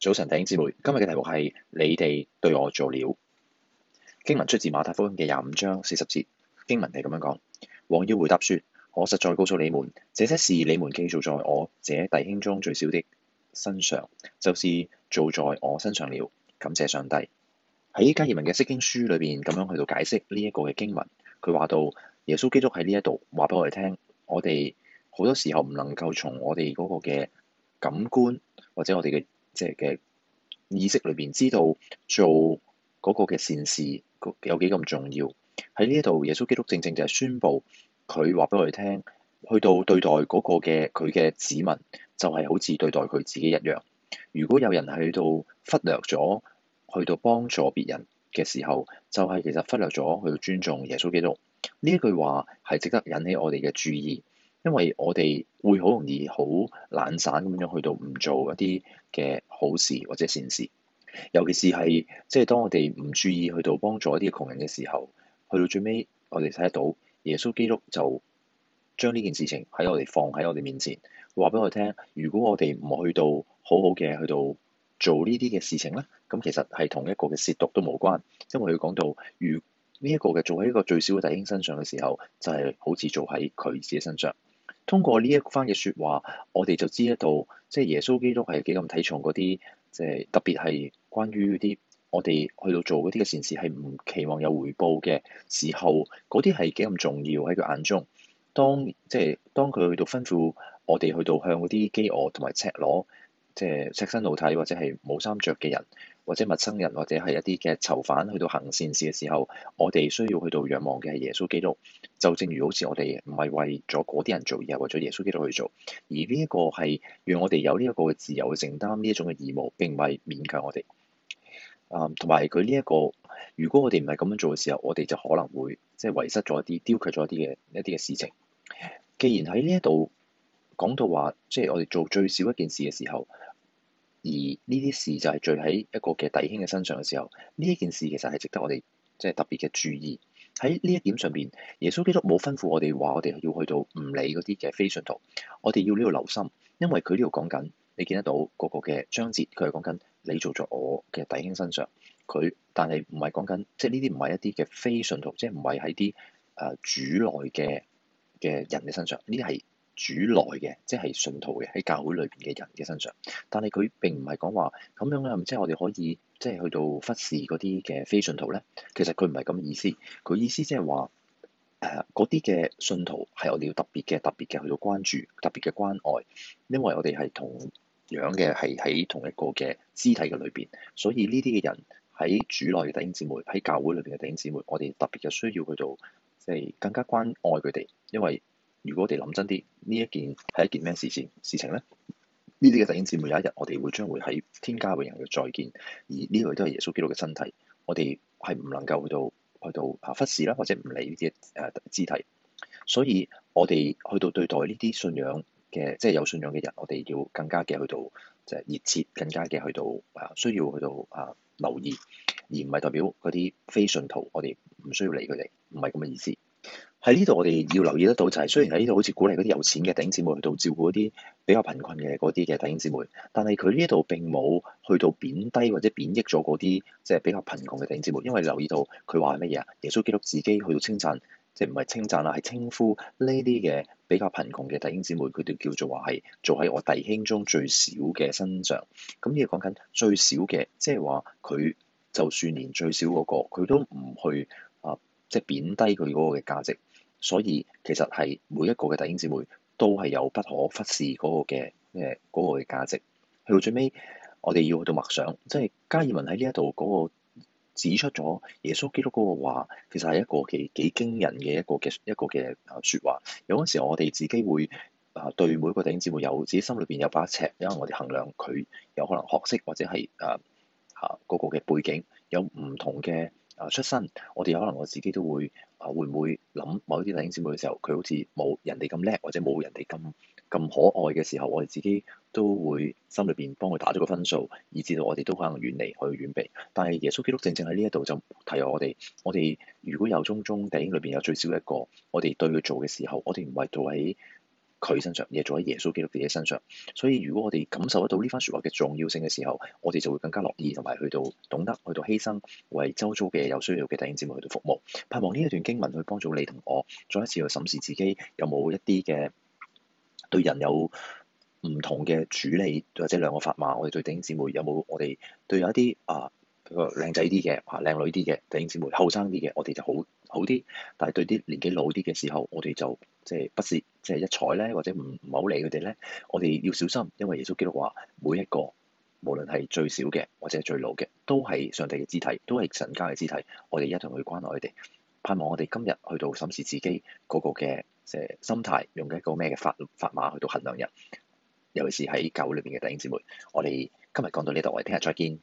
早晨，弟兄姊妹，今日嘅題目係你哋對我做了。經文出自馬太福音嘅廿五章四十節。經文係咁樣講：王要回答說，我實在告訴你們，這些事你們既做在我這弟兄中最小的身上，就是做在我身上了。感謝上帝。喺加爾文嘅釋經書裏邊咁樣去到解釋呢一個嘅經文，佢話到耶穌基督喺呢一度話俾我哋聽，我哋好多時候唔能夠從我哋嗰個嘅感官或者我哋嘅。即嘅意識裏邊，知道做嗰個嘅善事，有幾咁重要。喺呢一度，耶穌基督正正就係宣佈佢話俾我哋聽，去到對待嗰個嘅佢嘅子民，就係好似對待佢自己一樣。如果有人喺度忽略咗去到幫助別人嘅時候，就係其實忽略咗去到尊重耶穌基督。呢一句話係值得引起我哋嘅注意。因為我哋會好容易好懶散咁樣去到唔做一啲嘅好事或者善事，尤其是係即係當我哋唔注意去到幫助一啲嘅窮人嘅時候，去到最尾我哋睇得到耶穌基督就將呢件事情喺我哋放喺我哋面前，話俾我哋聽。如果我哋唔去到好好嘅去到做呢啲嘅事情咧，咁其實係同一個嘅褻瀆都冇關。因為佢講到，如呢一個嘅做喺一個最小嘅弟兄身上嘅時候，就係好似做喺佢自己身上。通過呢一番嘅説話，我哋就知得到，即係耶穌基督係幾咁睇重嗰啲，即係特別係關於嗰啲我哋去到做嗰啲嘅善事係唔期望有回報嘅時候，嗰啲係幾咁重要喺佢眼中。當即係當佢去到吩咐我哋去到向嗰啲飢餓同埋赤裸，即係赤身露體或者係冇衫着嘅人。或者陌生人，或者係一啲嘅囚犯，去到行善事嘅時候，我哋需要去到仰望嘅係耶穌基督。就正如好似我哋唔係為咗嗰啲人做嘢，而係為咗耶穌基督去做。而呢一個係讓我哋有呢一個嘅自由去承擔呢一種嘅義務，並唔係勉強我哋。啊，同埋佢呢一個，如果我哋唔係咁樣做嘅時候，我哋就可能會即係遺失咗一啲、丟卻咗一啲嘅一啲嘅事情。既然喺呢一度講到話，即係我哋做最少一件事嘅時候。而呢啲事就係聚喺一個嘅弟兄嘅身上嘅時候，呢一件事其實係值得我哋即係特別嘅注意。喺呢一點上邊，耶穌基督冇吩咐我哋話我哋要去到唔理嗰啲嘅非信徒，我哋要呢度留心，因為佢呢度講緊，你見得到個個嘅章節，佢係講緊你做咗我嘅弟兄身上，佢但係唔係講緊，即係呢啲唔係一啲嘅非信徒，即係唔係喺啲誒主內嘅嘅人嘅身上，呢啲係。主內嘅，即係信徒嘅，喺教會裏邊嘅人嘅身上。但係佢並唔係講話咁樣咧，即係我哋可以即係去到忽視嗰啲嘅非信徒咧。其實佢唔係咁意思，佢意思即係話誒嗰啲嘅信徒係我哋要特別嘅、特別嘅去到關注、特別嘅關愛，因為我哋係同樣嘅，係喺同一個嘅肢體嘅裏邊。所以呢啲嘅人喺主內嘅弟兄姊妹，喺教會裏邊嘅弟兄姊妹，我哋特別嘅需要去到即係、就是、更加關愛佢哋，因為。如果我哋諗真啲，呢一件係一件咩事事事情咧？呢啲嘅弟兄姊妹有一日，我哋會將會喺天家永遠嘅再見，而呢類都係耶穌基督嘅身體。我哋係唔能夠去到去到啊忽視啦，或者唔理呢啲誒肢體。所以我哋去到對待呢啲信仰嘅，即係有信仰嘅人，我哋要更加嘅去到就係熱切，更加嘅去到啊需要去到啊留意，而唔係代表嗰啲非信徒，我哋唔需要理佢哋，唔係咁嘅意思。喺呢度我哋要留意得到就係，雖然喺呢度好似鼓勵嗰啲有錢嘅弟兄姊妹去到照顧嗰啲比較貧困嘅嗰啲嘅弟兄姊妹，但係佢呢一度並冇去到貶低或者貶抑咗嗰啲即係比較貧窮嘅弟兄姊妹，因為留意到佢話係乜嘢啊？耶穌基督自己去到稱讚，即係唔係稱讚啦，係稱呼呢啲嘅比較貧窮嘅弟兄姊妹，佢哋叫做話係做喺我弟兄中最小嘅身上。咁要講緊最少嘅，即係話佢就算連最少嗰個，佢都唔去啊，即係貶低佢嗰個嘅價值。所以其實係每一個嘅弟兄姊妹都係有不可忽視嗰個嘅誒，嗰個嘅價值。去到最尾，我哋要去到默想，即係加爾文喺呢一度嗰個指出咗耶穌基督嗰個話，其實係一個幾幾驚人嘅一個嘅一個嘅説話。有嗰陣時，我哋自己會啊，對每一個弟兄姊妹有自己心裏邊有把尺，因為我哋衡量佢有可能學識或者係啊嚇嗰、啊、個嘅背景有唔同嘅啊出身，我哋有可能我自己都會。啊，會唔會諗某啲弟兄姊妹嘅時候，佢好似冇人哋咁叻，或者冇人哋咁咁可愛嘅時候，我哋自己都會心裏邊幫佢打咗個分數，以至到我哋都可能遠離去遠避。但係耶穌基督正正喺呢一度就提我哋，我哋如果有中中弟兄裏邊有最少一個，我哋對佢做嘅時候，我哋唔係做喺佢身上嘢，做喺耶穌基督自己身上，所以如果我哋感受得到呢番說話嘅重要性嘅時候，我哋就會更加樂意同埋去到懂得去到犧牲，為周遭嘅有需要嘅弟兄姊妹去到服務。盼望呢一段經文去幫助你同我，再一次去審視自己有冇一啲嘅對人有唔同嘅處理，或者兩個法碼。我哋對弟兄姊妹有冇我哋對有一啲啊，個靚仔啲嘅吓，靚女啲嘅弟兄姊妹，後生啲嘅我哋就好好啲，但係對啲年紀老啲嘅時候，我哋就，即係不屑，即係一踩咧，或者唔唔好理佢哋咧。我哋要小心，因為耶穌基督話：每一個無論係最小嘅，或者係最老嘅，都係上帝嘅肢體，都係神家嘅肢體。我哋一同去關愛佢哋，盼望我哋今日去到審視自己嗰個嘅誒心態，用嘅一個咩嘅法法碼去到衡量人。尤其是喺教會裏邊嘅弟兄姊妹，我哋今日講到呢度，我哋聽日再見。